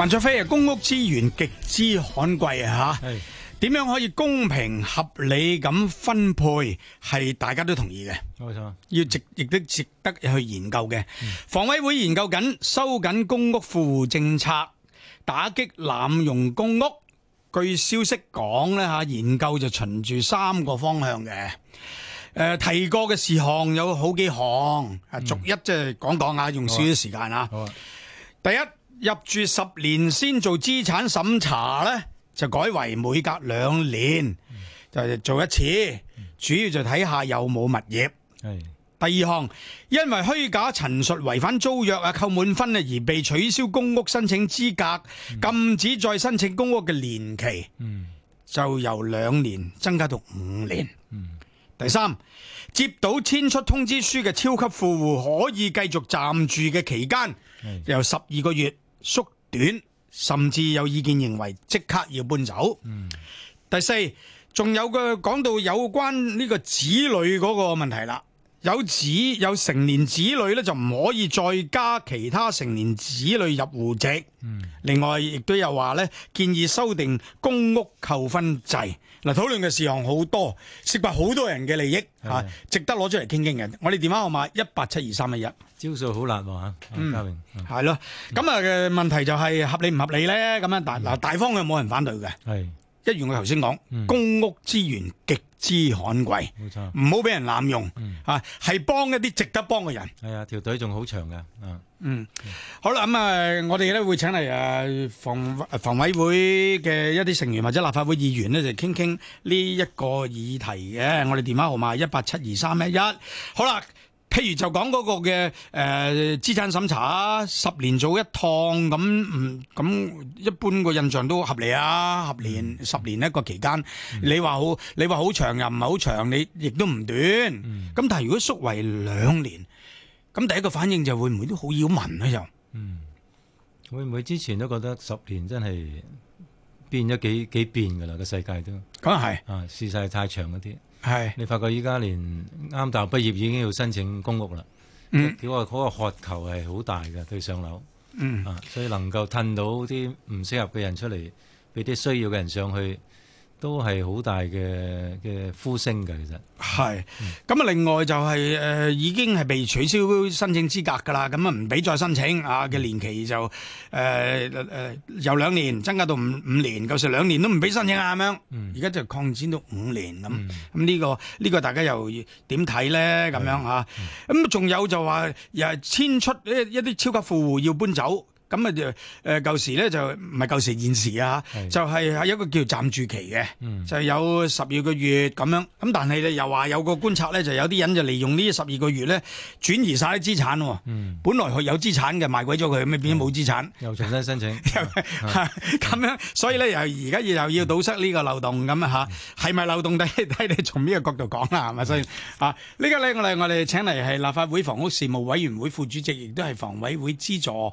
文卓飛啊，公屋資源極之罕貴啊吓，點樣可以公平合理咁分配，係大家都同意嘅，冇錯，要值亦都值得去研究嘅。房委會研究緊收緊公屋富戶政策，打擊濫用公屋。據消息講咧吓，研究就循住三個方向嘅，誒提過嘅事項有好幾項，啊逐一即係講講啊，用少少時間啊。第一。入住十年先做資產審查呢就改為每隔兩年就做一次，主要就睇下有冇物業。第二項，因為虛假陳述違反租約啊，扣滿分啊，而被取消公屋申請資格、禁止再申請公屋嘅年期，就由兩年增加到五年。第三，接到遷出通知書嘅超級富戶可以繼續暫住嘅期間，由十二個月縮短，甚至有意見認為即刻要搬走。嗯、第四，仲有句講到有關呢個子女嗰個問題啦。有子有成年子女咧，就唔可以再加其他成年子女入戶籍。另外，亦都有話咧，建議修訂公屋扣分制。嗱，討論嘅事項好多，涉及好多人嘅利益吓，值得攞出嚟傾傾嘅。我哋電話號碼一八七二三一一，招數好難吓。嘉榮係咯，咁啊，嗯嗯、嘅問題就係合理唔合理咧？咁樣大嗱、嗯，大方向冇人反對嘅。係。一如我頭先講，公屋資源極之罕貴，唔好俾人濫用，啊、嗯，係幫一啲值得幫嘅人。係啊，條隊仲好長㗎、嗯嗯。嗯，好啦，咁啊，我哋咧會請嚟啊房房委會嘅一啲成員或者立法會議員咧，就傾傾呢一個議題嘅。我哋電話號碼係一八七二三一一。好啦。譬如就講嗰個嘅誒資產審查啊，十年做一趟咁唔咁一般個印象都合理啊，十年十年一個期間，你話好你話好長又唔係好長，你亦都唔短，咁但係如果縮為兩年，咁第一個反應就會唔會都好擾民咧就？嗯，會唔會之前都覺得十年真係變咗幾幾變噶啦個世界都，咁啊係啊，事實係太長嗰啲。係，是你發覺依家連啱大學畢業已經要申請公屋啦，佢話嗰個渴求係好大嘅，對上樓，嗯、啊，所以能夠褪到啲唔適合嘅人出嚟，俾啲需要嘅人上去。都係好大嘅嘅呼聲㗎。其實係咁啊！另外就係、是、誒、呃、已經係被取消申請資格㗎啦，咁啊唔俾再申請啊嘅年期就誒誒由兩年增加到五五年，舊、就、時、是、兩年都唔俾申請啊咁樣，而家就擴展到五年咁。咁呢、這個呢、這個大家又點睇咧？咁樣啊？咁仲有就話又係遷出一一啲超級富戶要搬走。咁啊，誒、呃、舊時咧就唔係舊時現時啊，就係、是、一個叫暫住期嘅，就有十二個月咁樣。咁但係你又話有個觀察咧，就有啲人就利用呢十二個月咧轉移晒啲資產喎、哦。本來佢有資產嘅賣鬼咗佢，咁變變咗冇資產。又重新申請， 又咁、啊、樣，所以咧又而家又要堵塞呢個漏洞咁啊係係咪漏洞睇睇你從呢個角度講啦？係咪所以啊？呢家咧我哋我哋請嚟係立法會房屋事務委員會副主席，亦都係房委會資助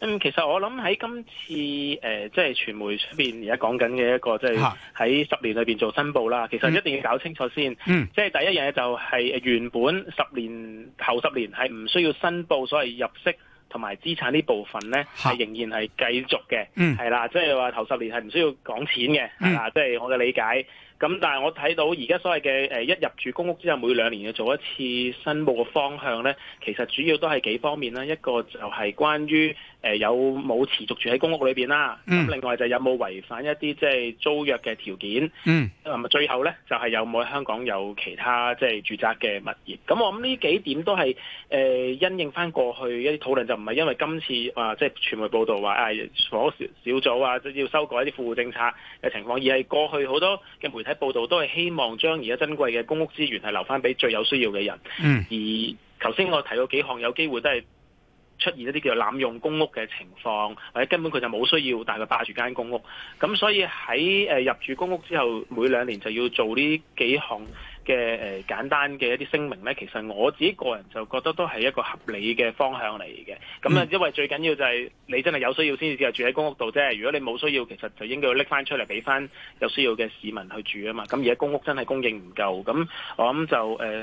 咁、嗯、其實我諗喺今次誒、呃，即係傳媒出邊而家講緊嘅一個，即係喺十年裏邊做申報啦。其實一定要搞清楚先，嗯嗯、即係第一樣嘢就係原本十年頭十年係唔需要申報所謂入息同埋資產呢部分呢，係仍然係繼續嘅，係、嗯、啦。即係話頭十年係唔需要講錢嘅，係、嗯、啦。即、就、係、是、我嘅理解。咁但係我睇到而家所謂嘅一入住公屋之後每兩年要做一次申報嘅方向咧，其實主要都係幾方面啦。一個就係關於誒有冇持續住喺公屋裏邊啦。咁另外就有冇違反一啲即係租約嘅條件。嗯。最後咧就係有冇喺香港有其他即係、就是、住宅嘅物業，咁我諗呢幾點都係誒、呃、因應翻過去一啲討論，就唔係因為今次啊即係傳媒報道話啊房小組啊要修改一啲富戶政策嘅情況，而係過去好多嘅媒。喺報道都係希望將而家珍貴嘅公屋資源係留翻俾最有需要嘅人。嗯，而頭先我提到幾項有機會都係出現一啲叫做濫用公屋嘅情況，或者根本佢就冇需要，但係佢霸住間公屋。咁所以喺誒入住公屋之後，每兩年就要做呢幾項。嘅誒簡單嘅一啲聲明咧，其實我自己個人就覺得都係一個合理嘅方向嚟嘅。咁啊，因為最緊要就係你真係有需要先至係住喺公屋度啫。如果你冇需要，其實就應該要拎翻出嚟俾翻有需要嘅市民去住啊嘛。咁而家公屋真係供應唔夠，咁我諗就誒，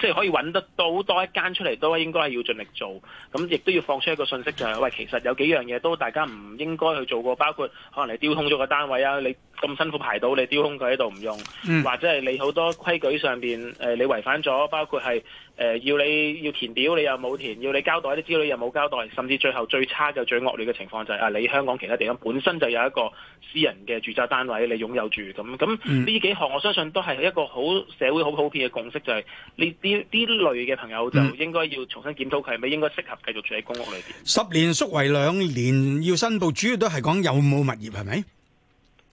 即係可以揾得到多一間出嚟都應該係要盡力做。咁亦都要放出一個信息就係，喂，其實有幾樣嘢都大家唔應該去做過，包括可能你丟空咗個單位啊，你咁辛苦排到你丟空佢喺度唔用，或者係你好多規矩上邊誒、呃，你違反咗，包括係誒、呃、要你要填表，你又冇填；要你交代啲資料，又冇交代。甚至最後最差就最惡劣嘅情況就係、啊、你香港其他地方本身就有一個私人嘅住宅單位，你擁有住咁。咁呢幾項我相信都係一個好社會好普遍嘅共識，就係呢啲啲類嘅朋友就應該要重新檢討佢係咪應該適合繼續住喺公屋裏邊。十年縮為兩年要申報，主要都係講有冇物業係咪？是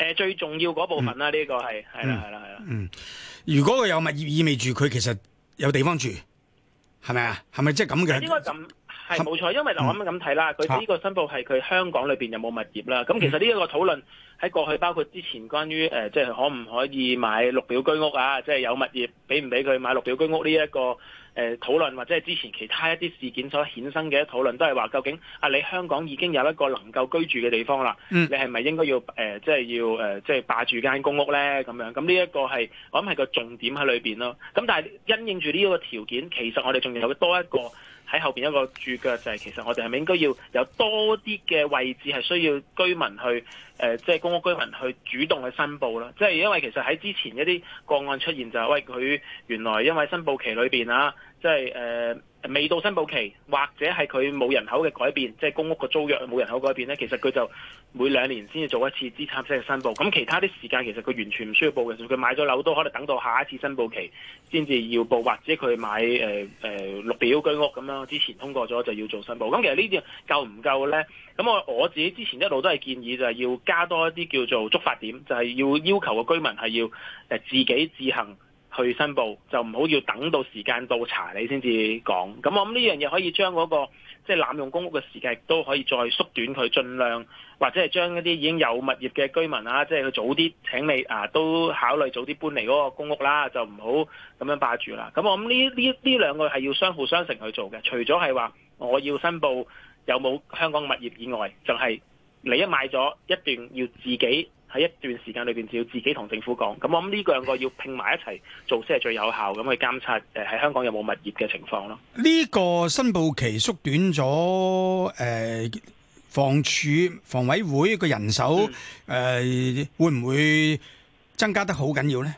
誒最重要嗰部分啦，呢、嗯這個係係啦係啦係啦。嗯，如果佢有物業，意味住佢其實有地方住，係咪啊？係咪即係咁嘅？應該咁係冇錯，因為嗱我咁睇啦，佢、嗯、呢個申報係佢香港裏面有冇物業啦。咁、啊、其實呢一個討論喺過去，包括之前關於、嗯呃、即係可唔可以買綠表居屋啊？即係有物業，俾唔俾佢買綠表居屋呢、這、一個？誒討論或者係之前其他一啲事件所衍生嘅討論，都係話究竟啊，你香港已經有一個能夠居住嘅地方啦，你係咪應該要誒，即係要誒，即係霸住間公屋咧咁樣？咁呢一個係，我諗係個重點喺裏邊咯。咁但係因應住呢一個條件，其實我哋仲有多一個。喺後邊一個注腳就係，其實我哋係咪應該要有多啲嘅位置係需要居民去，誒、呃，即係公屋居民去主動去申報啦？即係因為其實喺之前一啲個案出現就係，喂，佢原來因為申報期裏邊啊，即係誒。呃未到申報期，或者係佢冇人口嘅改變，即係公屋嘅租約冇人口改變呢，其實佢就每兩年先至做一次資產性嘅申報。咁其他啲時間其實佢完全唔需要報嘅，佢買咗樓都可能等到下一次申報期先至要報，或者佢買誒誒綠表居屋咁樣之前通過咗就要做申報。咁其實呢啲夠唔夠呢？咁我我自己之前一路都係建議就係要加多一啲叫做觸發點，就係、是、要要求個居民係要自己自行。去申報就唔好要，要等到時間到查你先至講，咁我諗呢樣嘢可以將嗰、那個即係、就是、濫用公屋嘅時間都可以再縮短佢，盡量或者係將一啲已經有物業嘅居民啦、啊，即係佢早啲請你啊都考慮早啲搬離嗰個公屋啦，就唔好咁樣霸住啦。咁我諗呢呢呢兩個係要相輔相成去做嘅，除咗係話我要申報有冇香港物業以外，就係、是、你一買咗一定要自己。喺一段時間裏邊，就要自己同政府講。咁我諗呢兩個要拼埋一齊做先係最有效咁去監察。誒喺香港有冇物業嘅情況咯？呢個申報期縮短咗，誒房署、房委會個人手誒會唔會增加得好緊要咧？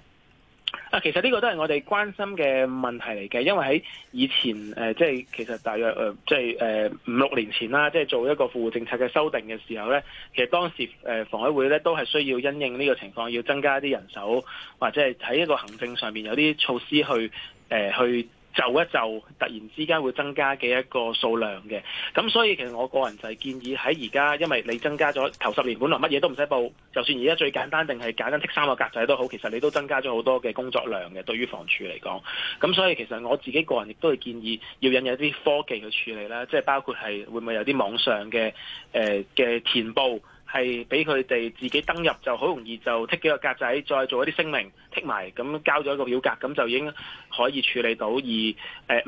啊，其實呢個都係我哋關心嘅問題嚟嘅，因為喺以前誒，即、呃、係其實大約誒，即係誒五六年前啦，即係做一個富戶政策嘅修訂嘅時候咧，其實當時誒房委會咧都係需要因應呢個情況，要增加一啲人手，或者係喺一個行政上面有啲措施去誒、呃、去。就一就突然之間會增加嘅一個數量嘅，咁所以其實我個人就係建議喺而家，因為你增加咗頭十年，本來乜嘢都唔使報，就算而家最簡單，定係簡單剔三個格仔都好，其實你都增加咗好多嘅工作量嘅，對於房署嚟講。咁所以其實我自己個人亦都係建議要引入一啲科技去處理啦，即係包括係會唔會有啲網上嘅、呃、嘅填報。係俾佢哋自己登入就好容易就剔幾個格仔，再做一啲聲明，剔埋，咁交咗一個表格，咁就已經可以處理到，而誒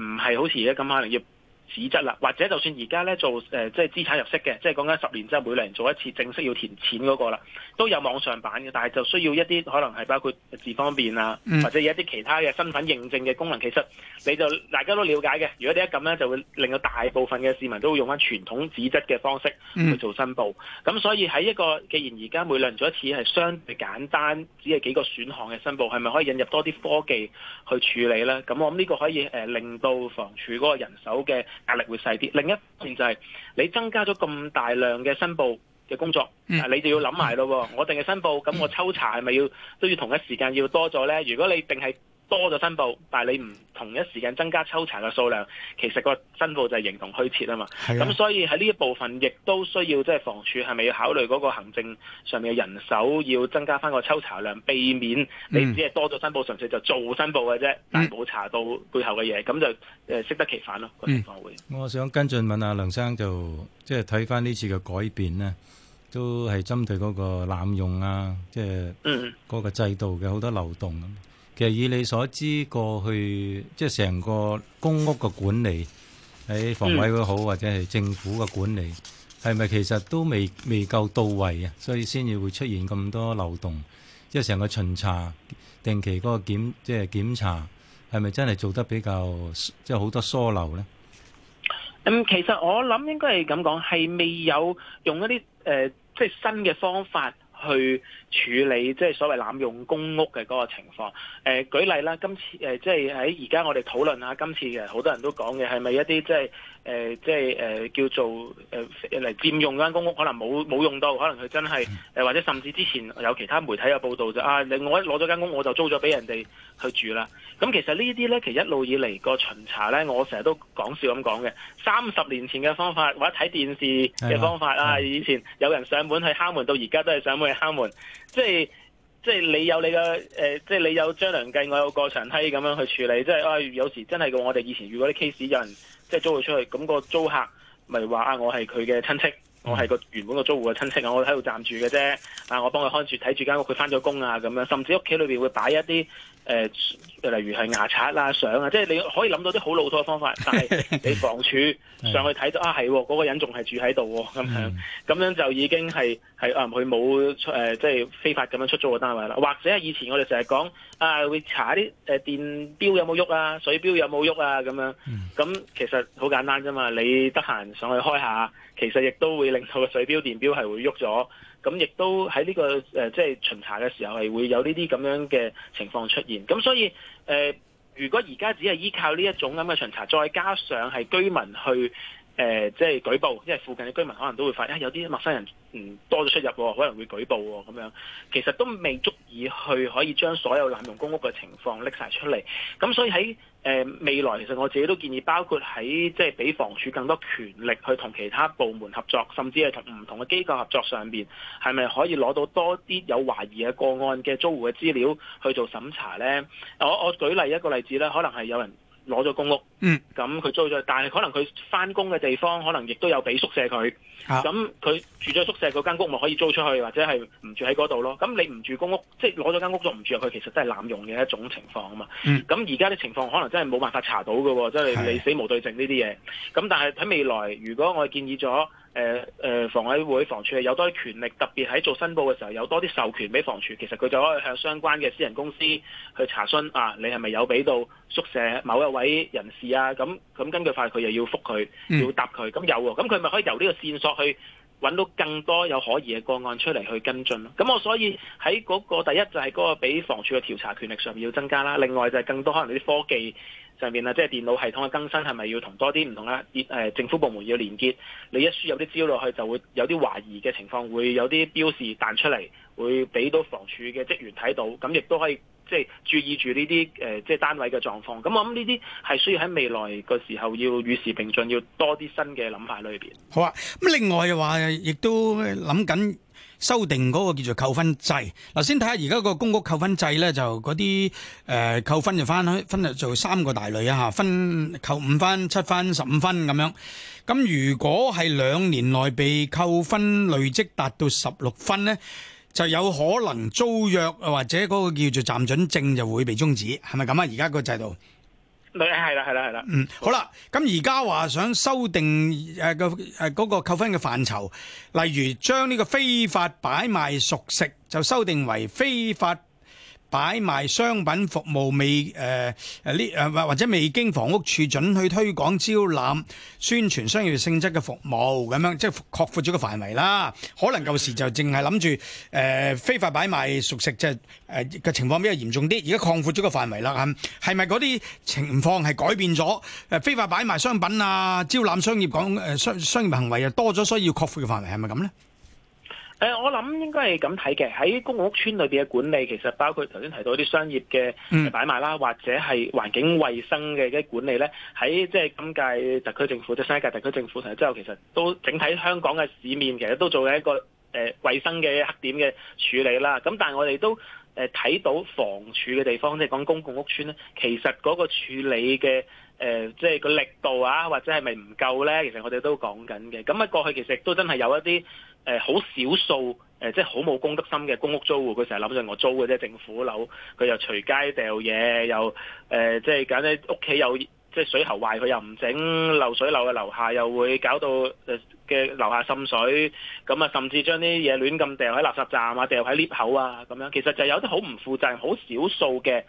唔係好似而家咁可能要。紙質啦，或者就算而家咧做、呃、即係資產入息嘅，即係講緊十年之後每兩年做一次正式要填錢嗰個啦，都有網上版嘅，但係就需要一啲可能係包括智方便啊，或者有一啲其他嘅身份認證嘅功能。其實你就大家都了解嘅，如果你一咁咧，就會令到大部分嘅市民都會用返傳統紙質嘅方式去做申報。咁、嗯、所以喺一個既然而家每兩年做一次係相對簡單，只係幾個選項嘅申報，係咪可以引入多啲科技去處理咧？咁我諗呢個可以、呃、令到房署嗰個人手嘅。壓力會細啲，另一邊就係你增加咗咁大量嘅申報嘅工作，啊，你就要諗埋咯。我淨係申報，咁我抽查係咪要都要同一時間要多咗咧？如果你定係，多咗申報，但係你唔同一時間增加抽查嘅數量，其實個申報就係形同虛設啊嘛。咁，所以喺呢一部分亦都需要即係、就是、房署係咪要考慮嗰個行政上面嘅人手要增加翻個抽查量，避免你只係多咗申報，純、嗯、粹就做申報嘅啫、嗯，但冇查到背後嘅嘢，咁就誒適得其反咯。嗯，情況會。我想跟進問下梁生，就即係睇翻呢次嘅改變呢，都係針對嗰個濫用啊，即係嗰個制度嘅好多漏洞。嗯其實以你所知，過去即係成個公屋嘅管理，喺房委會好，或者係政府嘅管理係咪其實都未未夠到位啊？所以先至會出現咁多漏洞，即係成個巡查定期嗰個檢即係檢查係咪真係做得比較即係好多疏漏咧？嗯，咁其實我諗應該係咁講，係未有用一啲誒即係新嘅方法去處理即係所謂濫用公屋嘅嗰個情況。誒、呃，舉例啦，今次誒、呃、即係喺而家我哋討論下今次嘅好多人都講嘅係咪一啲、呃、即係誒即係誒叫做誒嚟、呃、佔用間公屋，可能冇冇用到，可能佢真係誒、呃、或者甚至之前有其他媒體有報道就啊，另外我攞咗間公屋我就租咗俾人哋去住啦。咁、啊、其實這些呢啲咧，其實一路以嚟個巡查咧，我成日都講笑咁講嘅。三十年前嘅方法或者睇電視嘅方法啦，以前有人上門去敲門，到而家都係上門去敲門。即係即係你有你嘅，誒、呃，即係你有張良計，我有過牆梯咁樣去處理。即係啊、哎，有時真係嘅，我哋以前遇過啲 case 有人即係租佢出去，咁、那個租客咪話啊，我係佢嘅親戚，我係個原本個租戶嘅親戚啊，我喺度暫住嘅啫，啊，我幫佢看住睇住間屋，佢返咗工啊咁樣，甚至屋企裏面會擺一啲。誒，例如係牙刷啦、啊、相啊，即係你可以諗到啲好老土嘅方法， 但係你房署上去睇到 啊，係嗰、嗰個人仲係住喺度、啊，咁樣，mm. 樣就已經係係啊，佢冇、呃、即係非法咁樣出租個單位啦。或者係以前我哋成日講啊，會查啲誒電表有冇喐啊，水表有冇喐啊，咁樣咁、mm. 其實好簡單啫嘛。你得閒上去開下，其實亦都會令到個水表、電表係會喐咗。咁亦都喺呢個呃，即係巡查嘅時候係會有呢啲咁樣嘅情況出現。咁所以呃，如果而家只係依靠呢一種咁嘅巡查，再加上係居民去。誒、呃，即係舉報，因為附近嘅居民可能都會發現，現、啊、有啲陌生人，嗯、多咗出入喎，可能會舉報喎，咁樣其實都未足以去可以將所有濫用公屋嘅情況拎晒出嚟。咁所以喺、呃、未來，其實我自己都建議，包括喺即係俾房署更多權力去同其他部門合作，甚至係同唔同嘅機構合作上面係咪可以攞到多啲有懷疑嘅個案嘅租戶嘅資料去做審查咧？我我舉例一個例子呢，可能係有人。攞咗公屋，咁佢租咗，但係可能佢翻工嘅地方，可能亦都有俾宿舍佢。咁佢住咗宿舍嗰間屋，咪可以租出去，或者係唔住喺嗰度咯。咁你唔住公屋，即係攞咗間屋仲唔住去，佢其實都係濫用嘅一種情況啊嘛。咁而家啲情況可能真係冇辦法查到嘅，即係你死無對證呢啲嘢。咁但係喺未來，如果我建議咗。誒、呃、誒、呃，房委會、房署有多啲權力，特別喺做申報嘅時候，有多啲授權俾房署，其實佢就可以向相關嘅私人公司去查詢啊，你係咪有俾到宿舍某一位人士啊？咁咁根據法，佢又要覆佢，要答佢，咁有喎，咁佢咪可以由呢個線索去揾到更多有可疑嘅個案出嚟去跟進咯。咁我所以喺嗰、嗰個第一就係嗰個俾房署嘅調查權力上面要增加啦，另外就係更多可能啲科技。上面啊，即係電腦系統嘅更新係咪要同多啲唔同啦？連政府部門要連結，你一輸入啲資料落去就會有啲懷疑嘅情況，會有啲標示彈出嚟，會俾到房署嘅職員睇到，咁亦都可以即係注意住呢啲誒即係單位嘅狀況。咁我諗呢啲係需要喺未來個時候要與時並進，要多啲新嘅諗法裏邊。好啊，咁另外嘅話亦都諗緊。修訂嗰個叫做扣分制，嗱先睇下而家個公屋扣分制咧，就嗰啲誒扣分就分分就做三個大類啊吓，分扣五分、七分、十五分咁樣。咁如果係兩年內被扣分累積達到十六分呢，就有可能租約或者嗰個叫做暫准證就會被終止，係咪咁啊？而家個制度。係啦，係啦，係啦。嗯，好啦，咁而家話想修訂誒、啊啊那個誒嗰個扣分嘅範疇，例如將呢個非法擺賣熟食就修訂為非法。擺賣商品服務未誒誒呢誒或或者未經房屋處准去推廣招攬宣傳商業性質嘅服務咁樣，即係擴闊咗個範圍啦。可能舊時就淨係諗住誒非法擺賣熟食，即係誒嘅情況比較嚴重啲。而家擴闊咗個範圍啦，係咪嗰啲情況係改變咗？誒非法擺賣商品啊，招攬商業講誒商商業行為又多咗，所以要擴闊嘅範圍係咪咁咧？是誒，我諗應該係咁睇嘅。喺公共屋邨裏邊嘅管理，其實包括頭先提到啲商業嘅擺賣啦，或者係環境衛生嘅一啲管理咧。喺即係今屆特區政府即係新一屆特區政府上咗之後，其實都整體香港嘅市面其實都做緊一個誒、呃、衛生嘅黑點嘅處理啦。咁但係我哋都誒睇到房署嘅地方，即係講公共屋邨咧，其實嗰個處理嘅誒即係個力度啊，或者係咪唔夠咧？其實我哋都講緊嘅。咁啊，過去其實都真係有一啲。誒、呃、好少數誒，即係好冇公德心嘅公屋租戶，佢成日諗住我租嘅啫，政府樓佢又隨街掉嘢，又誒即係簡直屋企又即係、就是、水喉壞，佢又唔整漏水漏嘅樓下，又會搞到嘅樓、呃、下滲水，咁啊甚至將啲嘢亂咁掉喺垃圾站啊，掉喺 𨋢 口啊咁樣，其實就有啲好唔負責任、好少數嘅。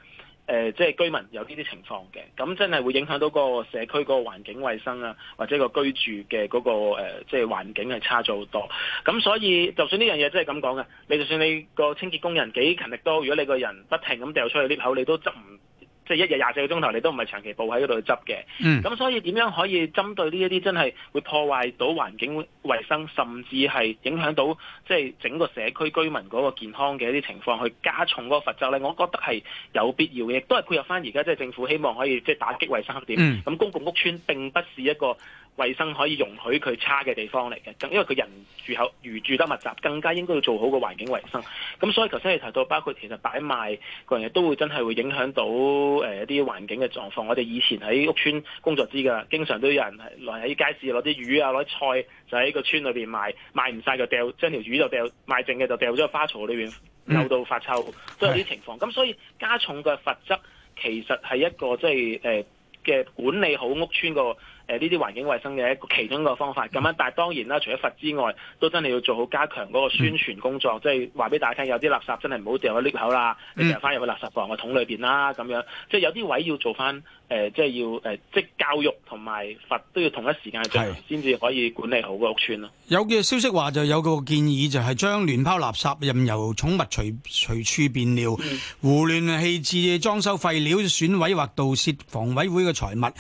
誒、呃，即係居民有呢啲情況嘅，咁真係會影響到個社區個環境衛生啊，或者個居住嘅嗰、嗰個、呃、即係環境係差咗好多。咁所以，就算呢樣嘢真係咁講嘅，你就算你個清潔工人幾勤力都好，如果你個人不停咁掉出去 𨋢 口，你都執唔。即係一日廿四個鐘頭，你都唔係長期步喺嗰度執嘅。嗯，咁所以點樣可以針對呢一啲真係會破壞到環境衞生，甚至係影響到即係整個社區居民嗰個健康嘅一啲情況，去加重嗰個罰則咧？我覺得係有必要嘅，亦都係配合返而家即係政府希望可以即係打擊衞生黑點。咁、嗯、公共屋邨並不是一個衛生可以容許佢差嘅地方嚟嘅，因為佢人住口如住得密集，更加應該要做好個環境衛生。咁所以頭先你提到，包括其實擺賣個人嘢都會真係會影響到一啲、呃、環境嘅狀況。我哋以前喺屋村工作知㗎，經常都有人來喺街市攞啲魚啊，攞啲菜就喺個村裏面賣，賣唔晒就掉將條魚就掉賣剩嘅就掉咗花槽裏面，扭到發臭，都有啲情況。咁所以加重嘅罰則其實係一個即係嘅管理好屋村個。誒呢啲環境衛生嘅一個其中一個方法，咁樣。但係當然啦，除咗罰之外，都真係要做好加強嗰個宣傳工作，嗯、即係話俾大家聽，有啲垃圾真係唔好掉喺 lift 口啦，你掉翻入去垃圾房個桶裏面啦，咁樣即係有啲位要做翻、呃、即係要即係教育同埋罰都要同一時間做，先至可以管理好個屋邨。咯。有嘅消息話，就有個建議就係、是、將亂拋垃圾、任由寵物隨隨處便尿、胡、嗯、亂棄置裝修廢料、損毀或盜竊房委會嘅財物。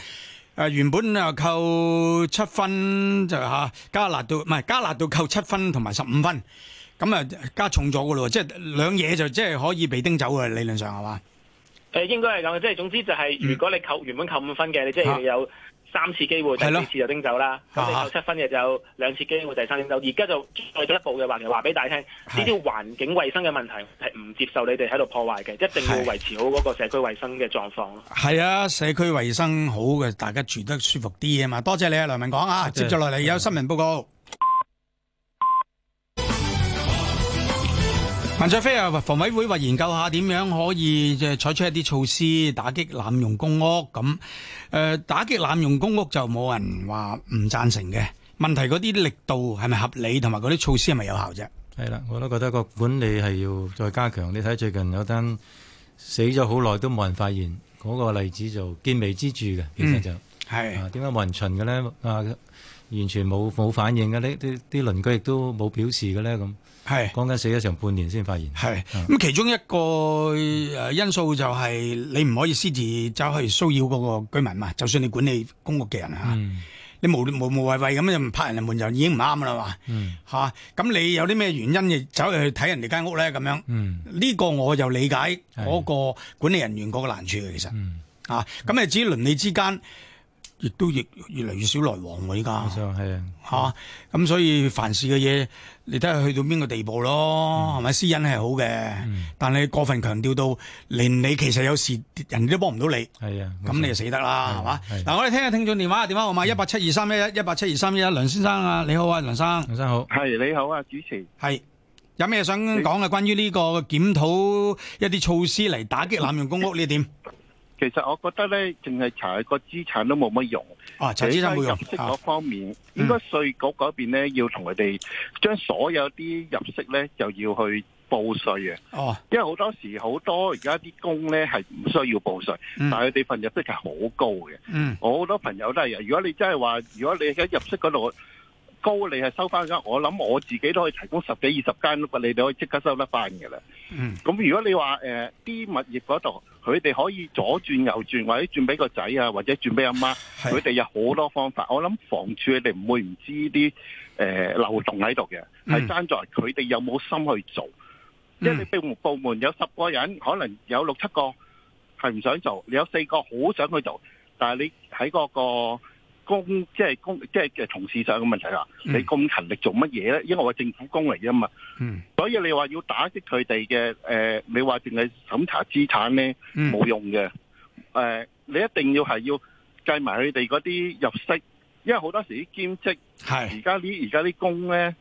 誒，原本又扣七分就吓，加辣度唔係加辣度扣七分同埋十五分，咁啊加重咗噶咯，即係兩嘢就即係可以被叮走嘅，理論上係嘛？誒，應該係咁，即係總之就係如果你扣原本扣五分嘅，你即係要有。三次機會，第四次就拎走啦。咁你有七分嘅就有兩次機會，第三拎走。而家就再進一步嘅話，其實話俾大家聽，呢啲環境衞生嘅問題係唔接受你哋喺度破壞嘅，一定要維持好嗰個社區衞生嘅狀況咯。係啊，社區衞生好嘅，大家住得舒服啲啊嘛。多謝你啊，梁文廣啊，接住落嚟有新聞報告。梁卓飛啊，房委會話研究下點樣可以即係採取一啲措施打擊濫用公屋咁，誒、呃、打擊濫用公屋就冇人話唔贊成嘅。問題嗰啲力度係咪合理，同埋嗰啲措施係咪有效啫？係啦，我都覺得個管理係要再加強。你睇最近有單死咗好耐都冇人發現嗰、那個例子，就見微知著，嘅，其實就係點解冇人巡嘅咧？啊，完全冇冇反應嘅，啲啲啲鄰居亦都冇表示嘅咧咁。係，講緊死咗成半年先發現。係，咁、嗯、其中一個誒因素就係你唔可以私自走去騷擾嗰個居民嘛，就算你管理公屋嘅人、嗯、你無無無謂謂咁樣拍人哋門就已經唔啱啦嘛。吓、嗯，咁、啊、你有啲咩原因就走去睇人哋間屋咧咁樣？呢、嗯這個我就理解嗰個管理人員嗰個難處、嗯、其實。啊，咁你至於鄰里之間。亦都越越嚟越少來往喎、啊，依家係啊，吓咁所以凡事嘅嘢，你睇下去到邊個地步咯，係、嗯、咪私隱係好嘅、嗯，但係過分強調到，連你其實有事，人哋都幫唔到你，係啊，咁你就死得啦，係嘛？嗱，我哋聽下聽眾電話啊，電話號碼一八七二三一一一八七二三一一，17231, 17231, 梁先生啊，你好啊，梁生，梁生好，係你好啊，主持，係有咩想講嘅關於呢個檢討一啲措施嚟打擊濫用公屋呢點？你 其實我覺得咧，淨係查個資產都冇乜用。啊，查資產冇用。入息嗰方面，啊、應該稅局嗰邊咧、嗯、要同佢哋將所有啲入息咧就要去報稅嘅。哦，因為好多時好多而家啲工咧係唔需要報稅、嗯，但係佢哋份入息係好高嘅。嗯，我好多朋友都係。如果你真係話，如果你喺入息嗰度，高你係收翻咁，我諗我自己都可以提供十幾二十間屋，你哋可以即刻收得翻嘅啦。咁如果你話誒啲物業嗰度，佢哋可以左轉右轉，或者轉俾個仔啊，或者轉俾阿媽，佢哋有好多方法。我諗房署佢哋唔會唔知啲誒漏洞喺度嘅，係爭在佢哋有冇心去做。因為你部門有十個人，可能有六七個係唔想做，你有四個好想去做，但係你喺嗰個。工即係工即係嘅同事就係個問題啦，你咁勤力做乜嘢咧？因為我係政府工嚟啊嘛，所以你話要打擊佢哋嘅誒，你話淨係審查資產咧冇用嘅，誒、呃，你一定要係要計埋佢哋嗰啲入息，因為好多時啲兼職，而家啲而家啲工咧。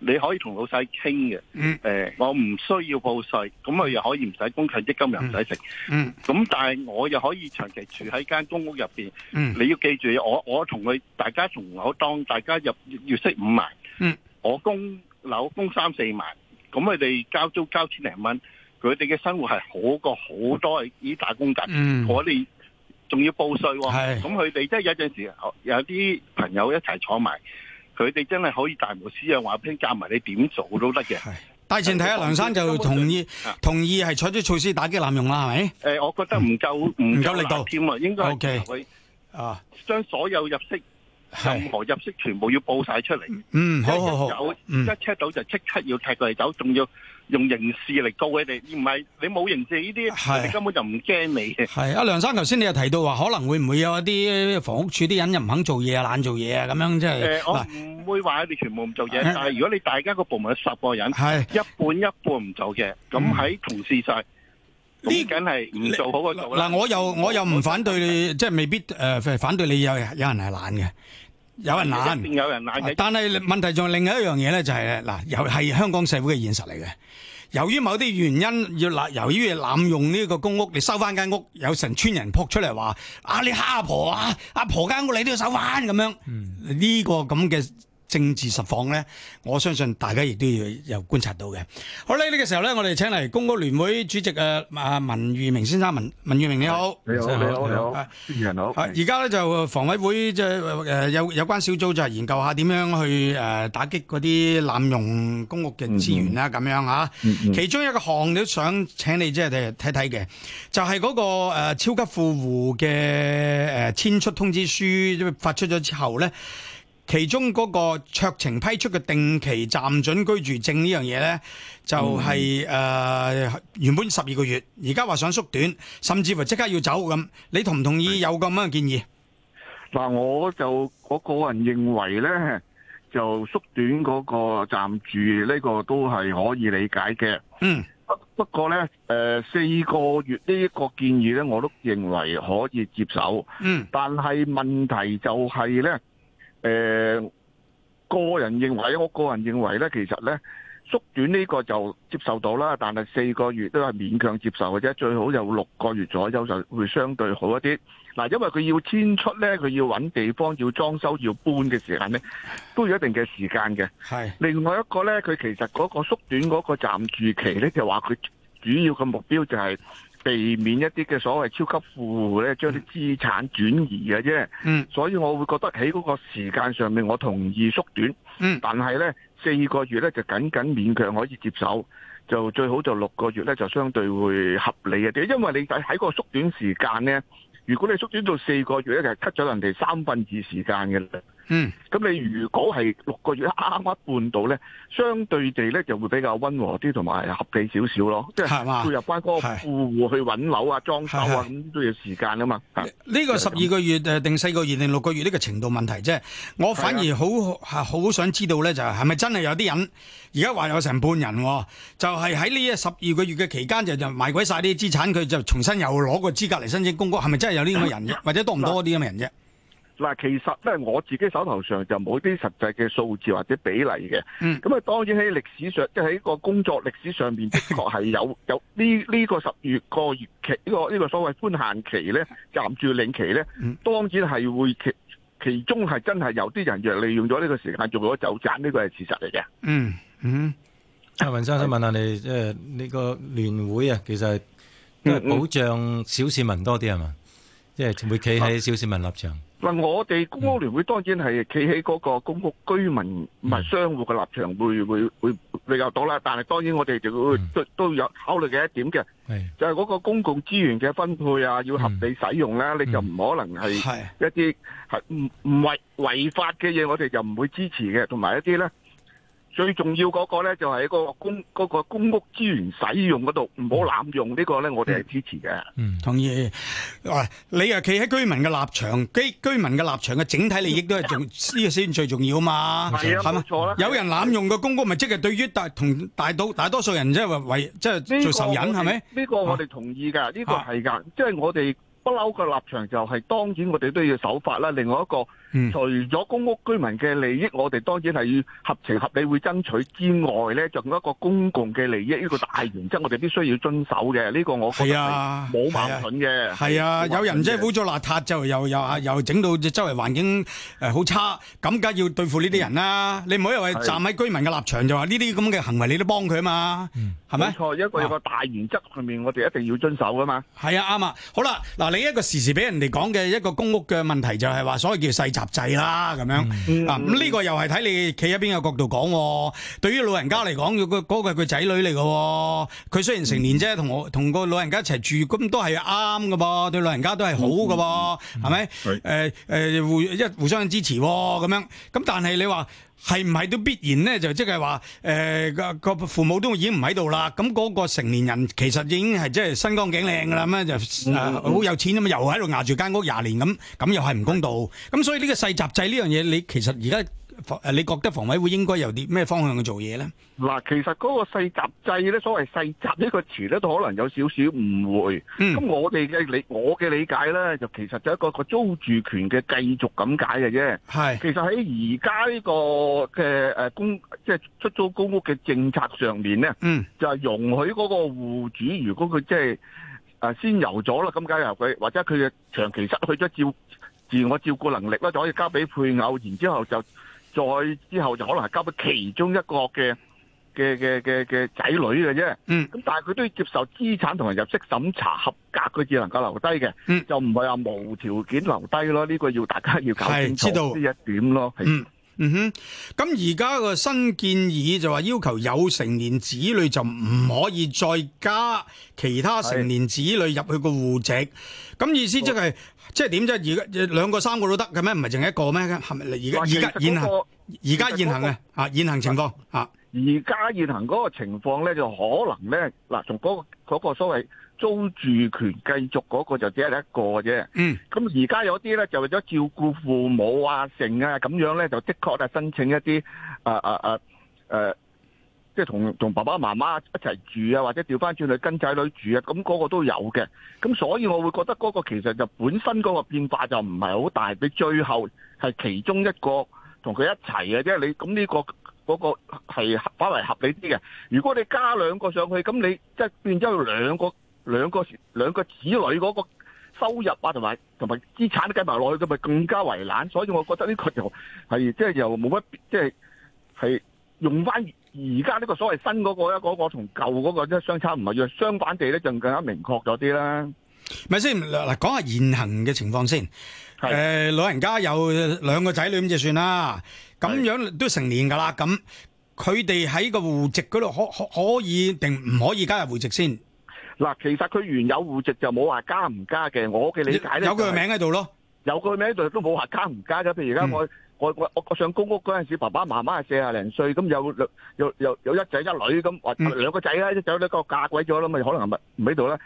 你可以同老細傾嘅，我唔需要報稅，咁佢又可以唔使供強積金，又唔使食，咁、嗯、但係我又可以長期住喺間公屋入面、嗯。你要記住，我我同佢大家同我當大家入月息五萬，嗯、我供樓供三四萬，咁佢哋交租交千零蚊，佢哋嘅生活係好過好多係啲打工仔、嗯，我哋仲要報稅喎、哦，咁佢哋即係有陣時有啲朋友一齊坐埋。佢哋真係可以大無私啊！話俾教埋你點做都得嘅。大前提啊，梁生就同意，啊、同意係採取措施打擊濫用啦，係咪、欸？我覺得唔夠，唔、嗯、夠力度添啊，應該係佢啊，將所有入息。任何入息全部要報晒出嚟。嗯，好好好，一 check 到就即刻要踢佢走，仲要用刑事嚟告佢哋，而唔係你冇刑事呢啲，佢哋根本就唔驚你嘅。係阿梁生，頭先你又提到話，可能會唔會有一啲房屋處啲人又唔肯做嘢啊，懶做嘢啊，咁樣即係。誒，我唔會話佢哋全部唔做嘢，但係如果你大家個部門有十個人，係一半一半唔做嘅，咁喺同事上。呢梗係唔做好個做啦。嗱，我又我又唔反對，即係未必誒反對你有有人係懶嘅，有人懶，有人懶嘅。但係問題仲另外一樣嘢咧，就係嗱，又係香港社會嘅現實嚟嘅。由於某啲原因要濫，由於濫用呢個公屋嚟收翻間屋，有成村人撲出嚟話：啊你蝦阿婆啊，阿婆間屋你都要收翻咁樣。嗯，呢個咁嘅。政治實況咧，我相信大家亦都要有觀察到嘅。好咧，呢、這個時候咧，我哋請嚟公屋聯會主席誒、啊、阿、啊、文裕明先生，文文裕明你，好，你好，好，你好，你好，啊、你好，啊、你好。而家咧就房委會即係誒有有關小組就係研究下點樣去誒打擊嗰啲濫用公屋嘅資源啦，咁、嗯嗯、樣啊嗯嗯。其中一個項都想請你即係睇睇嘅，就係、是、嗰、就是那個、呃、超級富戶嘅誒遷出通知書發出咗之後咧。其中嗰個酌情批出嘅定期暫准居住證呢樣嘢呢，就係、是、誒、嗯呃、原本十二個月，而家話想縮短，甚至乎即刻要走咁，你同唔同意有咁樣嘅建議？嗱、嗯，我就我個人認為呢，就縮短嗰個暫住呢個都係可以理解嘅。嗯。不過過呢，四、呃、個月呢一個建議呢，我都認為可以接受。嗯。但係問題就係呢。誒、呃，個人認為我個人認為咧，其實咧縮短呢個就接受到啦，但係四個月都係勉強接受嘅啫，最好有六個月左右就會相對好一啲。嗱、啊，因為佢要遷出咧，佢要搵地方，要裝修，要搬嘅時間咧，都要有一定嘅時間嘅。係另外一個咧，佢其實嗰個縮短嗰個暫住期咧，就話佢主要嘅目標就係、是。避免一啲嘅所謂超級富戶咧，將啲資產轉移嘅啫。嗯，所以我會覺得喺嗰個時間上面，我同意縮短。嗯，但係咧四個月咧就僅僅勉強可以接受，就最好就六個月咧就相對會合理一啲。因為你睇喺個縮短時間咧，如果你縮短到四個月咧，就 cut 咗人哋三分二時間嘅。嗯，咁你如果係六個月啱啱一半到咧，相對地咧就會比較溫和啲，同埋合計少少咯，即係進入翻嗰個戶戶去揾樓啊、裝修啊，咁都要時間啊嘛。呢個十二個月誒，定四個月定六個月呢個程度問題啫。我反而好係好想知道咧，就係係咪真係有啲人而家話有成半人，就係喺呢一十二個月嘅期間就就賣鬼晒啲資產，佢就重新又攞個資格嚟申請公屋，係咪真係有呢咁嘅人啫、啊？或者多唔多啲咁嘅人啫？嗱，其實咧我自己手頭上就冇啲實際嘅數字或者比例嘅。咁、嗯、啊，當然喺歷史上，即喺個工作歷史上邊，的確係有 有呢呢、呢個十月個月期，呢、呢個呢、呢個所謂寬限期咧，暫住令期咧、嗯，當然係會其其中係真係有啲人若利用咗呢個時間做咗走賺，呢個係事實嚟嘅。嗯嗯。阿、啊、文生想問下你，即係呢個聯會啊，其實都係保障小市民多啲係嘛？即、嗯、係、就是、會企喺小市民立場。啊。嗱，我哋公屋聯會當然係企喺嗰個公屋居民唔係商戶嘅立場，會會會比較多啦。但係當然我哋就會都都有考慮嘅一點嘅，就係嗰個公共資源嘅分配啊，要合理使用咧，你就唔可能係一啲係唔唔違違法嘅嘢，我哋就唔會支持嘅，同埋一啲咧。最重要嗰個咧，就係一個公嗰公屋資源使用嗰度唔好濫用呢、這個咧，我哋係支持嘅。嗯，同意。喂，你又企喺居民嘅立場，居居民嘅立場嘅整體利益都係重呢個先最重要啊嘛。係、嗯、啊，冇錯啦。有人濫用嘅公屋，咪即係對於大同大到大，大多數人即係為即係、就是、做仇人係咪？呢、這個我哋、這個、同意㗎，呢、這個係㗎。即、啊、係、就是、我哋不嬲嘅立場就係、是、當然我哋都要守法啦。另外一個。除咗公屋居民嘅利益，我哋當然係要合情合理會爭取之外咧，仲有一個公共嘅利益呢個大原則，我哋必須要遵守嘅。呢個我係啊，冇矛盾嘅。係啊，有人即係污糟邋遢，就又又啊，又整到周圍環境誒好差，咁梗係要對付呢啲人啦。你唔好以為站喺居民嘅立場就話呢啲咁嘅行為，你都幫佢啊嘛，係咪？冇錯，一個一個大原則上面，我哋一定要遵守噶嘛。係啊，啱啊。好啦，嗱，你一個時時俾人哋講嘅一個公屋嘅問題就係話，所謂叫細察，合制啦，咁、嗯、樣、嗯、啊，咁、這、呢個又係睇你企喺邊個角度講、啊。對於老人家嚟講，嗯那個嗰、那個係佢仔女嚟噶、啊。佢雖然成年啫，同我同個老人家一齊住，咁都係啱噶噃，對老人家都係好噶噃、啊，係、嗯、咪？誒誒，互一互，互相支持咁、啊、樣。咁但係你話。係唔係都必然咧？就即係話，誒個個父母都已經唔喺度啦。咁、那、嗰個成年人其實已經係即係身光頸靚噶啦，咁就好有錢啊嘛，又喺度捱住間屋廿年咁，咁又係唔公道。咁所以呢個世襲制呢樣嘢，你其實而家。誒，你覺得房委會應該有啲咩方向去做嘢咧？嗱，其實嗰個世襲制咧，所謂世襲呢個詞咧，都可能有少少誤會。咁、嗯、我哋嘅理，我嘅理解咧，就其實就一個個租住權嘅繼續咁解嘅啫。係其實喺而家呢個嘅誒公即係、就是、出租公屋嘅政策上面咧，嗯，就係容許嗰個戶主如果佢即係誒仙遊咗啦，咁解由佢，或者佢嘅長期失去咗照自我照顧能力啦，就可以交俾配偶，然之後就。再之後就可能係交俾其中一個嘅嘅嘅嘅嘅仔女嘅啫，咁、嗯、但係佢都要接受資產同埋入息審查合格，佢只能夠留低嘅、嗯，就唔係話無條件留低咯。呢、呢個要大家要搞清楚呢一點咯。嗯哼，咁而家個新建議就話要求有成年子女就唔可以再加其他成年子女入去個戶籍，咁意思、即係、即係即係點啫？而家兩個三個都得嘅咩？唔係淨係一個咩？係咪而而家現行而家現行嘅啊現、嗰個、現行情況啊，而家現行嗰個情況咧就可能咧嗱，從嗰、嗰、嗰個所謂，嗰個租住權繼續嗰個就只係一個啫，咁而家有啲咧就為咗照顧父母啊、剩啊咁樣咧，就的確係申請一啲啊啊啊誒，即係同同爸爸媽媽一齊住啊，或者調翻轉去跟仔女住啊，咁嗰個都有嘅。咁所以我會覺得嗰個其實就本身嗰個變化就唔係好大，你最後係其中一個同佢一齊嘅啫。你咁呢個嗰個係反為合理啲嘅。如果你加兩個上去，咁你即係變咗兩個。兩個兩個子女嗰個收入啊，同埋同埋資產都計埋落去，咁咪更加為難。所以我覺得呢個就即係、就係、又冇乜，即係係用翻而家呢個所謂新嗰、嗰個一、嗰個、嗰個同舊嗰個即係相差唔係若相反地咧，就更加明確咗啲啦。咪先嗱，講下現行嘅情況先。誒、呃，老人家有兩個仔女咁就算啦，咁樣都成年噶啦。咁佢哋喺個戶籍嗰度可可可以定唔可以加入戶籍先？嗱，其實佢原有戶籍就冇話加唔加嘅。我嘅理解咧，有佢個名喺度咯，有佢名喺度都冇話加唔加嘅。譬如而家我我我我上公屋嗰陣時，爸爸媽媽係四十零歲，咁有兩有有有一仔一女咁，兩個仔啦，一仔咧個嫁鬼咗啦嘛，可能唔喺度啦。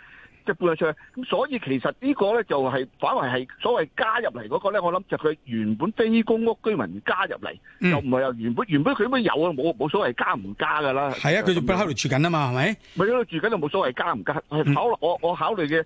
即係搬咗出去，咁所以其實呢個咧就係反為係所謂加入嚟嗰，那個咧，我諗就佢原本非公屋居民加入嚟，嗯，又唔係由原本原本佢應該有啊，冇冇所謂加唔加噶啦。係啊，佢就仲喺度住緊啊嘛，係咪？咪喺度住緊就冇所謂加唔加。嗯，考我我考慮嘅，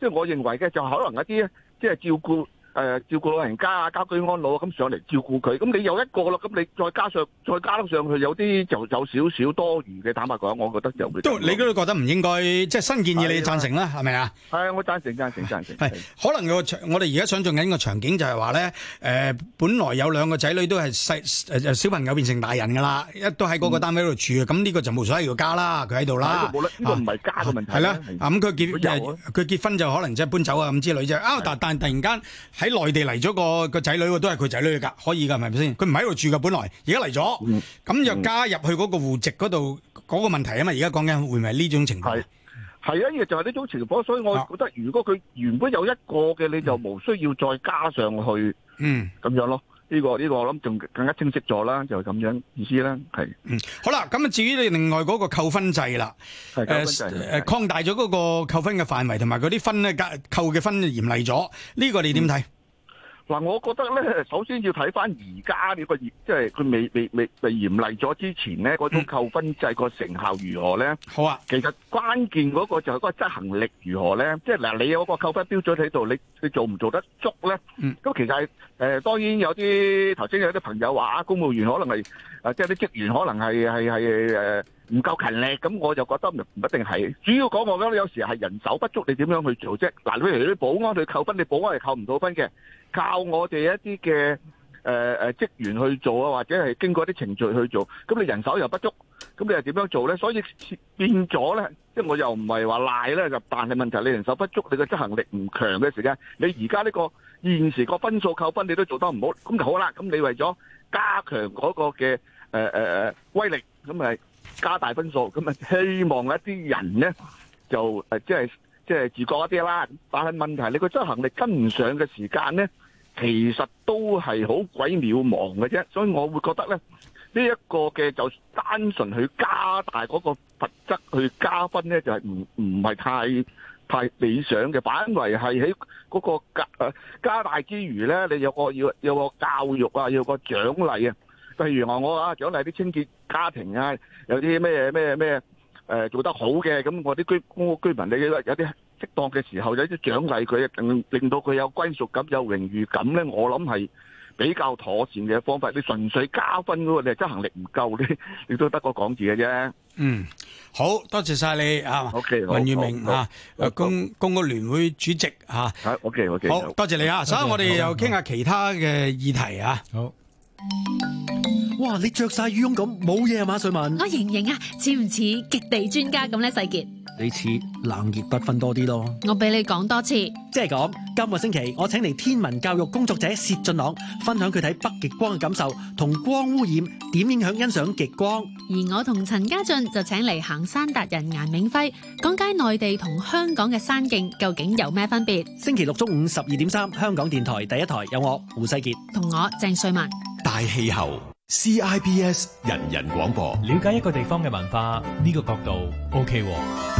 即係我認為嘅就可能一啲即係照顧。誒照顧老人家啊，家居安老啊，咁上嚟照顧佢，咁你有一個啦，咁你再加上再加上去，有啲就有少少多餘嘅，坦白講，我覺得有都你都覺得唔應該，即係新建議你贊成啦，係咪啊？係啊，我贊成，贊成，贊成。係可能個我哋而家想象緊個場景就係話咧，誒，本來有兩個仔女都係細誒小朋友變成大人噶啦，一都喺嗰個單位度住，咁呢個就無所謂要加啦，佢喺度啦，呢個唔係加嘅問題。係啦，咁佢結誒佢結婚就可能即係搬走啊，咁之類啫。啊，但但係突然間。喺內地嚟咗個個仔女，都係佢仔女㗎，可以㗎，係咪先？佢唔喺度住㗎，本來而家嚟咗，咁就加入去嗰個戶籍嗰度嗰個問題啊嘛。而家講緊會唔會係呢種情況？係係啊，亦就係呢種情況，所以我覺得如果佢原本有一個嘅，你就冇需要再加上去，嗯，咁樣咯。呢個呢個我諗仲更加清晰咗啦，就咁樣意思啦，係。嗯，好啦，咁啊至於你另外嗰個扣分制啦，係、呃、扣分制，誒擴大咗嗰個扣分嘅範圍，同埋嗰啲分咧，扣嘅分嚴厲咗。呢個你點睇？嗯嗱，我覺得咧，首先要睇翻而家呢個嚴，即係佢未未未未嚴厲咗之前咧，嗰種扣分制個成效如何咧？好啊，其實關鍵嗰個就係嗰個執行力如何咧。即係嗱，你有個扣分標準喺度，你你做唔做得足咧？嗯，咁其實係誒，當然有啲頭先有啲朋友話啊，公務員可能係誒，即係啲職員可能係係係誒。唔夠勤力，咁我就覺得唔一定係。主要講我覺得有時係人手不足，你點樣去做啫？嗱，譬如啲保安去扣分，你保安係扣唔到分嘅。靠我哋一啲嘅誒誒職員去做啊，或者係經過啲程序去做，咁你人手又不足，咁你又點樣做呢？所以變咗呢，即係我又唔係話賴呢，就但係問題你人手不足，你嘅執行力唔強嘅時間，你而家呢個現時個分數扣分，你都做得唔好，咁就好啦。咁你為咗加強嗰個嘅誒、呃呃、威力，咁咪，加大分數咁啊，希望一啲人咧就誒，即係即係自覺一啲啦。但係問題，你個執行力跟唔上嘅時間咧，其實都係好鬼渺茫嘅啫。所以我會覺得咧，呢一個嘅就單純去加大嗰個罰則去加分咧，就係唔唔係太太理想嘅。反為係喺嗰個加誒加大之餘咧，你有個要有個教育啊，有個獎勵啊。例如話我啊獎勵啲清潔家庭啊，有啲咩咩咩誒做得好嘅，咁我啲居公屋居民，你有啲適當嘅時候有啲獎勵佢，令到佢有歸屬感、有榮譽感咧，我諗係比較妥善嘅方法。你純粹加分嗰個你執行力唔夠咧，你都得個講字嘅啫。嗯，好多謝晒你啊，okay, 文裕明 okay, 啊，公公屋聯會主席啊，OK OK 啊。好、okay, 多謝你 okay, 啊，所以我哋又傾下其他嘅議題啊。好。哇！你着晒羽絨咁，冇嘢啊，馬瑞文。我、哦、型型啊，似唔似極地專家咁咧，世傑。你似冷熱不分多啲咯。我俾你講多次，即係講今個星期我請嚟天文教育工作者薛俊朗分享佢睇北極光嘅感受，同光污染點影響欣賞極光。而我同陳家俊就請嚟行山達人顏永輝講解內地同香港嘅山徑究竟有咩分別。星期六中午十二點三，香港電台第一台，有我胡世杰同我鄭瑞文大氣候 CIBS 人人廣播，了解一個地方嘅文化呢個角度 OK。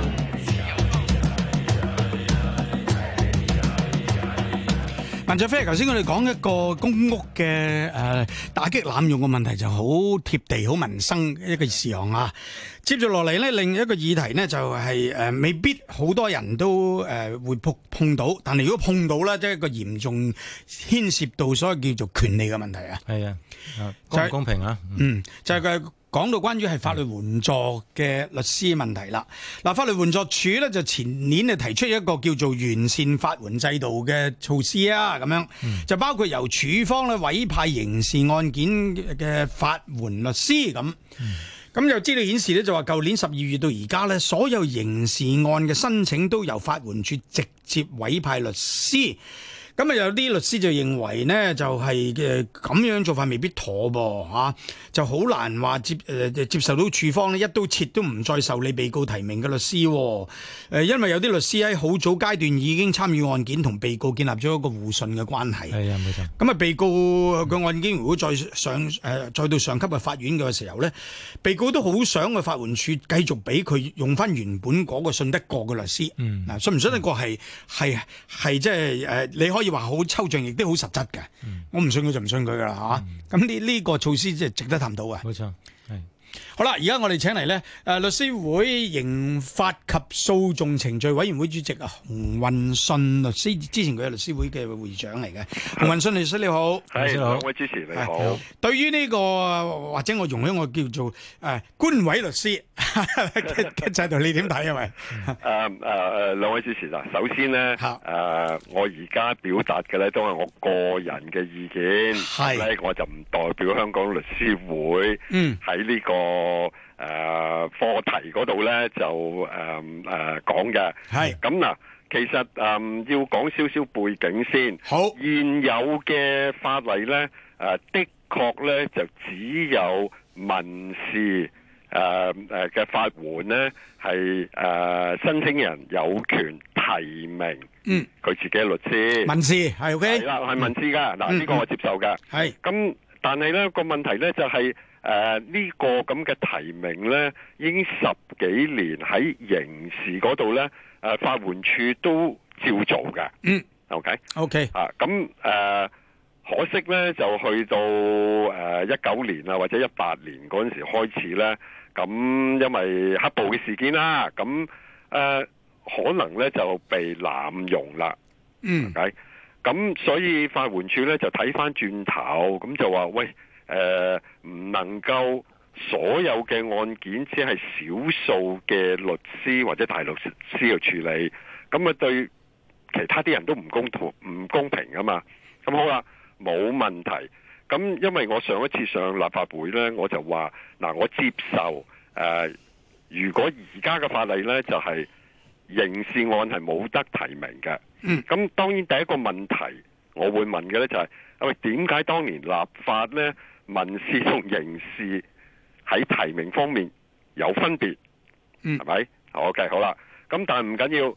陳振飛，頭先我哋講一個公屋嘅誒打擊濫用嘅問題，就好貼地、好民生一個事項啊。接住落嚟呢，另一個議題呢，就係誒，未必好多人都誒會碰碰到，但係如果碰到呢，即係一個嚴重牽涉到所謂叫做權利嘅問題啊。係啊，公唔公平啊？就係，嗯，就係個。講到關於係法律援助嘅律師問題啦，嗱，法律援助處咧就前年就提出一個叫做完善法援制度嘅措施啊，咁樣就包括由處方咧委派刑事案件嘅法援律師咁，咁就資料顯示咧就話舊年十二月到而家咧，所有刑事案嘅申請都由法援處直接委派律師。咁啊，有啲律師就認為咧，就係誒咁樣做法未必妥噃吓、啊、就好難話接誒、呃、接受到處方咧一刀切都唔再受理被告提名嘅律師，誒、啊、因為有啲律師喺好早階段已經參與案件同被告建立咗一個互信嘅關係，係啊，冇錯，咁啊，被告嘅案件如果再上誒、呃、再到上級嘅法院嘅時候咧，被告都好想去法援處繼續俾佢用翻原本嗰個信、嗯啊、信，信得過嘅律師嗯。嗱，信唔信得過係係係即係誒你可以話好抽象，亦都好實質嘅。嗯、我唔信佢就唔信佢噶啦，吓、嗯。咁呢呢個措施真係值得探討嘅。冇錯。好啦，而家我哋請嚟咧，誒、呃，律師會刑法及訴訟程序委員會主席啊，洪雲信律師，之前佢係律師會嘅會長嚟嘅，洪雲信律師你好，係兩位主持你好。對於呢、這個或者我容許我叫做誒、呃、官委律師嘅制度，你點睇啊？咪、呃？誒誒誒，兩位主持啦，首先咧，誒、啊，我而家表達嘅咧都係我個人嘅意見，係，咧我就唔代表香港律師會，嗯，喺呢個。個誒課題嗰度咧就誒誒講嘅，係咁嗱，其實誒要講少少背景先，好現有嘅法例咧誒的確咧就只有民事誒誒嘅法援咧係誒申請人有權提名，嗯，佢自己嘅律師，民事係嘅，係啦，係民事噶，嗱呢個我接受噶，係咁。但係咧、個問題咧就係誒呢個咁嘅提名咧已經十幾年喺刑事嗰度咧誒法援署都照做嘅，嗯 OK OK 啊，咁誒、呃、可惜咧就去到誒一九年啊或者一八年嗰陣時開始咧咁，因為黑暴嘅事件啦，咁誒可能咧就被濫用啦嗯、okay? 咁所以法援處咧就睇翻轉頭，咁就話喂誒，唔、呃、能夠所有嘅案件只係少數嘅律師或者大律師去處理，咁啊對其他啲人都唔公同唔公平啊嘛。咁好啦，冇問題。咁因為我上一次上立法會呢，我就話嗱、呃，我接受誒、呃，如果而家嘅法例呢，就係、是。刑事案係冇得提名嘅，咁當然第一個問題，我會問嘅呢就係，喂，點解當年立法呢？民事同刑事喺提名方面有分別，係、嗯、咪？OK 好啦，咁但係唔緊要，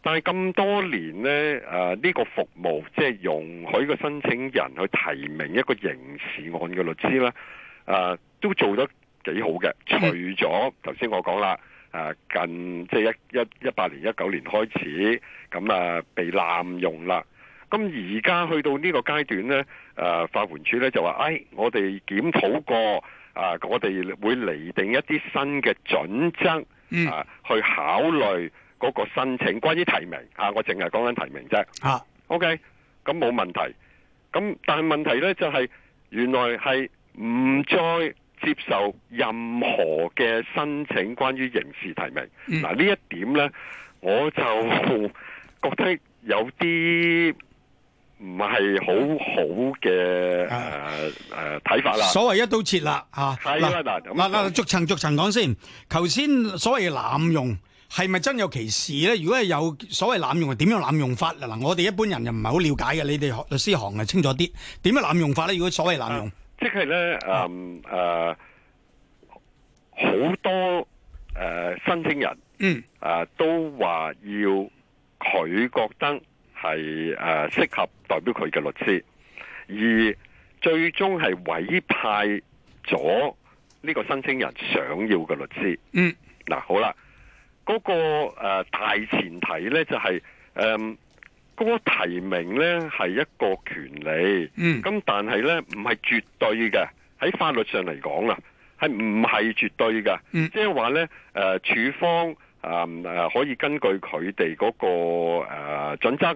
但係咁多年呢，誒呢個服務即係容許個申請人去提名一個刑事案嘅律師呢，誒都做得幾好嘅，除咗頭先我講啦。啊，近即係一一一八年、一九年開始，咁啊被濫用啦。咁而家去到呢個階段呢，誒、啊、法援處呢就話，誒、哎、我哋檢討過，啊我哋會釐定一啲新嘅準則，啊去考慮嗰個申請關於提名。啊，我淨係講緊提名啫。嚇、啊、OK，咁冇問題。咁但係問題呢，就係、是，原來係唔再。接受任何嘅申請關於刑事提名，嗱、嗯、呢一點咧，我就覺得有啲唔係好好嘅誒誒睇法啦。所謂一刀切啦嚇，係啦嗱，嗱嗱逐層逐層講先。頭先所謂濫用係咪真有其事咧？如果係有所謂濫用，係點樣濫用法？嗱我哋一般人又唔係好了解嘅。你哋學律師行係清楚啲點樣濫用，用法咧？如果所謂濫用。嗯即係咧，嗯誒，好、呃、多誒、呃、申請人，嗯、呃，誒都話要佢覺得係誒適合代表佢嘅律師，而最終係委派咗呢個申請人想要嘅律師。嗯，嗱、啊、好啦，嗰、那個誒、呃、大前提咧就係、是，嗯、呃。個提名咧係一個權利，咁、嗯、但係咧唔係絕對嘅。喺法律上嚟講啊，係唔係絕對嘅？即係話咧，誒、就是呃、處方啊誒、嗯呃、可以根據佢哋嗰個誒、呃、準則，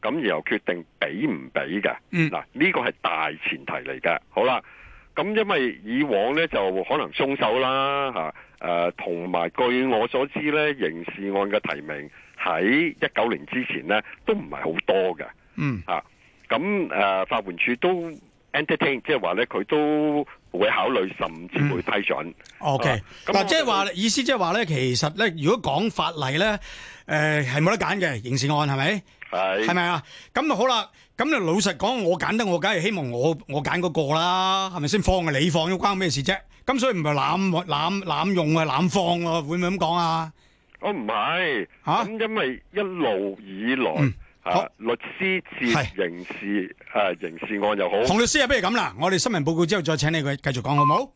咁然後決定俾唔俾嘅。嗱、嗯，呢、啊呢個係大前提嚟嘅。好啦。咁因為以往咧就可能鬆手啦嚇，誒同埋據我所知咧，刑事案嘅提名喺一九年之前咧都唔係好多嘅，嗯嚇。咁誒法援處都 entertain，即係話咧，佢都會考慮，甚至會批准。O K。嗱，即係話意思，即係話咧，其實咧，如果講法例咧，誒係冇得揀嘅刑事案，係咪？係，係咪啊？咁咪好啦。咁就老實講，我揀得我，梗係希望我我揀嗰個啦。係咪先放啊？你放都關我咩事啫？咁所以唔係濫濫濫用啊，濫放啊？會唔會咁講啊？我唔係吓，因為一路以來吓，律師涉刑事吓，刑事案又好，洪律師啊，不如咁啦。我哋新聞報告之後再請你佢繼續講好唔好？